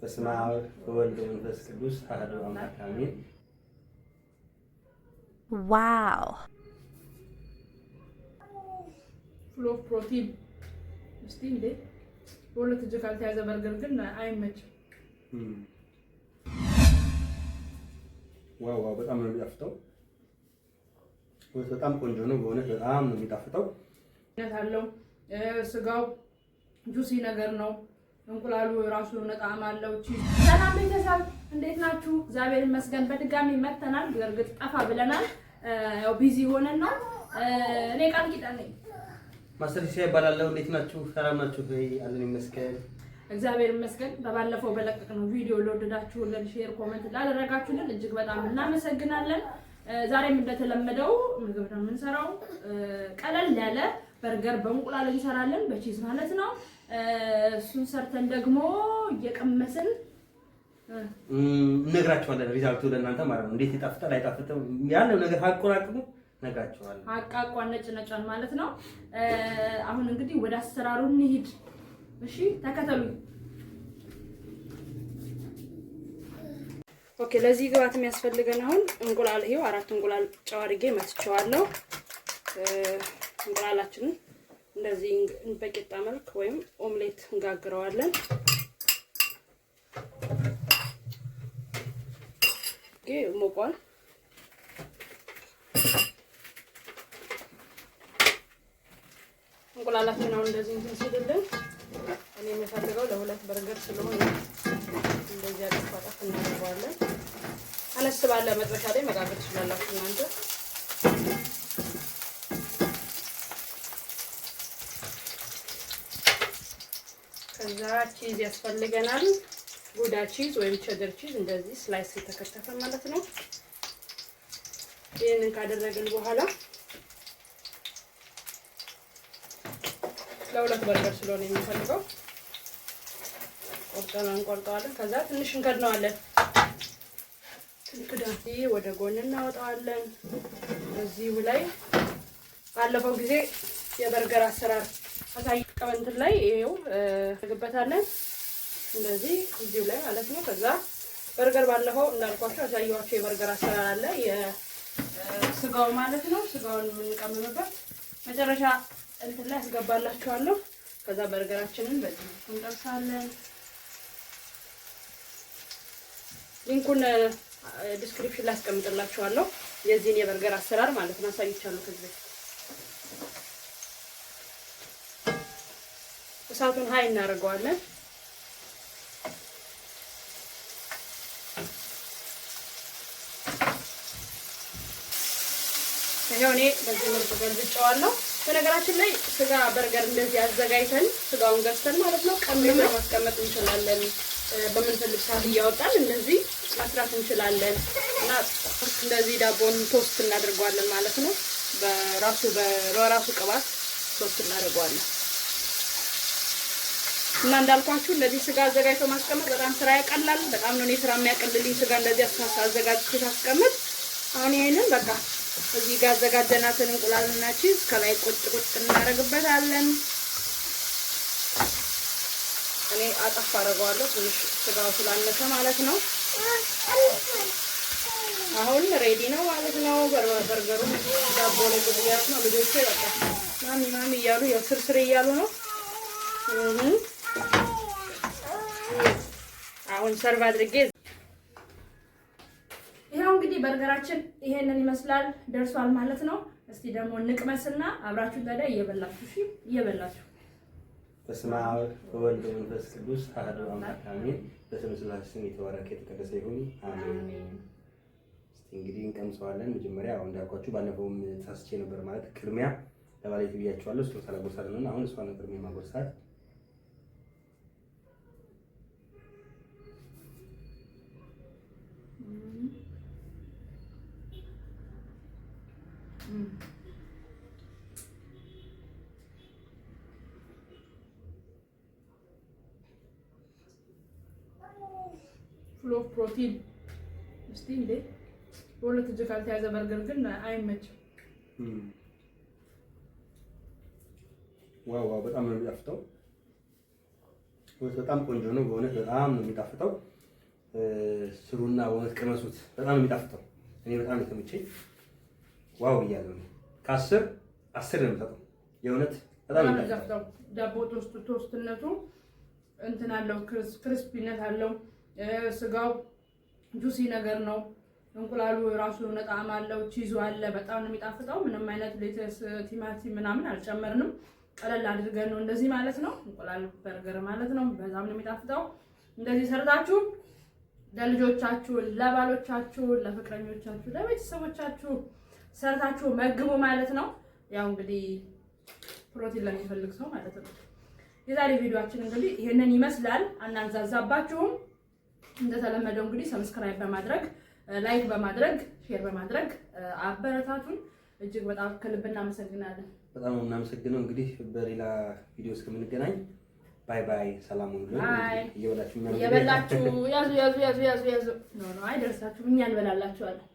በስመ አብ ወወልድ ወመንፈስ ቅዱስ አሐዱ አምላክ አሜን። ዋው ፍሎ ፕሮቲን እስቲ እንዴ! በሁለት እጅ ካልተያዘ በርገር ግን አይመችም። ዋው ዋው! በጣም ነው የሚጣፍጠው። በጣም ቆንጆ ነው። በእውነት በጣም ነው የሚጣፍጠው። አለው ስጋው ጁሲ ነገር ነው እንቁላሉ ራሱ የሆነ ጣዕም አለው። ሰላም ቤተሰብ እንዴት ናችሁ? እግዚአብሔር ይመስገን በድጋሚ መተናል እርግጥ ጠፋ ብለናል፣ ያው ቢዚ ነው። እኔ ቃል ኪዳን ነኝ ማስተርሻ ይባላለሁ። እንዴት ናችሁ? ሰላም ናችሁ? አለን ይመስገን እግዚአብሔር ይመስገን። በባለፈው በለቀቅነው ቪዲዮ ለወደዳችሁልን፣ ሼር፣ ኮመንት ላደረጋችሁልን እጅግ በጣም እናመሰግናለን። ዛሬም እንደተለመደው ምግብ ነው የምንሰራው። ቀለል ያለ በርገር በእንቁላል እንሰራለን፣ በቺዝ ማለት ነው እሱን ሰርተን ደግሞ እየቀመስን እነግራቸዋለን። ሪዛልቱ ለእናንተ ማለት ነው። እንዴት ይጣፍጣል አይጣፍጥም ያለው ነገር ሀቁን ነግራቸዋለን። አቃቋን ነጭ ነጯን ማለት ነው። አሁን እንግዲህ ወደ አሰራሩ እንሂድ። እሺ ተከተሉ። ኦኬ ለዚህ ግብአት የሚያስፈልገን አሁን እንቁላል ይሄው አራት እንቁላል ጨው አድርጌ መትቸዋለሁ። እንቁላላችንን እንደዚህ በቂጣ መልክ ወይም ኦምሌት እንጋግረዋለን። ሞቋል። እንቁላላችን አሁን እንደዚህ እንትን ሲልልን እኔ የምፈልገው ለሁለት በርገር ስለሆነ እንደዚህ አጠፋ እናደርገዋለን። አነስ ባለ መጥበሻ ላይ መጋገር ትችላላችሁ እናንተ ከዛ ቺዝ ያስፈልገናል። ጉዳ ቺዝ ወይም ቸደር ቺዝ እንደዚህ ስላይስ የተከተፈ ማለት ነው። ይህንን ካደረግን በኋላ ለሁለት በርገር ስለሆነ የሚፈልገው ቆርጠን እንቆርጠዋለን። ከዛ ትንሽ እንከድነዋለን። ክዳ ወደ ጎን እናወጣዋለን። እዚሁ ላይ ባለፈው ጊዜ የበርገር አሰራር አሳይ የሚወጣው እንትን ላይ ይሄው ግበታለን እንደዚህ እዚሁ ላይ ማለት ነው። ከዛ በርገር ባለፈው እንዳልኳቸው ያሳየኋቸው የበርገር አሰራር አለ የስጋው ማለት ነው። ስጋውን የምንቀምምበት መጨረሻ እንትን ላይ አስገባላችኋለሁ። ከዛ በርገራችንን በዚህ እንጠብሳለን። ሊንኩን ዲስክሪፕሽን ላይ አስቀምጥላችኋለሁ። የዚህን የበርገር አሰራር ማለት ነው አሳይቻለሁ ከዚህ እሳቱን ሀይ እናደርገዋለን። ይሄው እኔ በዚህ መልኩ ገልብጨዋለሁ። በነገራችን ላይ ስጋ በርገር እንደዚህ አዘጋጅተን ስጋውን ገዝተን ማለት ነው ቀምመን ማስቀመጥ እንችላለን። በምንፈልግ ሰዓት እያወጣን እንደዚህ መስራት እንችላለን እና እንደዚህ ዳቦን ቶስት እናደርገዋለን ማለት ነው። በራሱ በራሱ ቅባት ቶስት እናደርገዋለን። እና እንዳልኳችሁ እንደዚህ ስጋ አዘጋጅቶ ማስቀመጥ በጣም ስራ ያቀላል። በጣም ነው እኔ ስራ የሚያቀልልኝ ስጋ እንደዚህ አስፋሳ አዘጋጅቶ ሳስቀምጥ። አሁን ይሄንን በቃ እዚህ ጋር አዘጋጀናትን እንቁላልና ቺዝ ከላይ ቁጭ ቁጭ እናደርግበታለን። እኔ አጠፍ አደርገዋለሁ ትንሽ ስጋው ስላነሰ ማለት ነው። አሁን ሬዲ ነው ማለት ነው። በርበርገሩ ዳቦ ላይ ለግብያት ነው። ልጆቼ በቃ ማሚ ማሚ እያሉ ያው ስርስር እያሉ ነው። አሁን ሰርቭ አድርጌ ይኸው እንግዲህ በርገራችን ይሄንን ይመስላል ደርሷል ማለት ነው። እስቲ ደግሞ ንቅመስና አብራችሁ ታዲያ እየበላችሁ እሺ፣ እየበላችሁ በስመ አብ ወወልድ ወመንፈስ ቅዱስ አሐዱ አምላክ አሜን። በስመ ስላሴ ስም የተባረከ የተቀደሰ ይሁን አሜን። እንግዲህ እንቀምሰዋለን። መጀመሪያ እንዳልኳችሁ ባለፈውም ተሳስቼ ነበር ማለት ቅድሚያ ለባለቤት ብያቸዋለሁ። እሱ ሳላጎርሳት ነው። አሁን እሷን ቅድሚያ ማጎርሳት ፉል ኦፍ ፕሮቲን እስቲ እንዴ በሁለት እጅ ካልተያዘ በርገር ግን አይመችም። ዋው ዋው! በጣም ነው የሚጣፍጠው። በጣም ቆንጆ ነው በእውነት በጣም ነው የሚጣፍጠው። ስሩና በእውነት ቅመሱት። በጣም ነው የሚጣፍጠው። እኔ በጣም የተመቸኝ። ዋው ብያለሁ። ከአስር አስር ነው የምሰጠው። የእውነት በጣም የሚጣፍጠው። ዳቦ ቶስትነቱ እንትን አለው፣ ክርስፒነት አለው ስጋው ጁሲ ነገር ነው። እንቁላሉ የራሱ የሆነ ጣዕም አለው። ቺዙ አለ። በጣም ነው የሚጣፍጠው። ምንም አይነት ሌተስ፣ ቲማቲም ምናምን አልጨመርንም። ቀለል አድርገን ነው እንደዚህ ማለት ነው። እንቁላል በርገር ማለት ነው። በጣም ነው የሚጣፍጠው። እንደዚህ ሰርታችሁ ለልጆቻችሁ፣ ለባሎቻችሁ፣ ለፍቅረኞቻችሁ፣ ለቤተሰቦቻችሁ ሰርታችሁ መግቡ ማለት ነው። ያው እንግዲህ ፕሮቲን ለሚፈልግ ሰው ማለት ነው። የዛሬ ቪዲዮአችን እንግዲህ ይህንን ይመስላል። አናንዛዛባችሁም እንደተለመደው እንግዲህ ሰብስክራይብ በማድረግ ላይክ በማድረግ ሼር በማድረግ አበረታቱን። እጅግ በጣም ከልብ እናመሰግናለን። በጣም እናመሰግነው። እንግዲህ በሌላ ቪዲዮ እስከምንገናኝ ባይ ባይ። ሰላም ሁሉ እየበላችሁ ያዙ ያዙ ያዙ ያዙ ያዙ። አይደርሳችሁም፣ እኛ እንበላላችኋለን።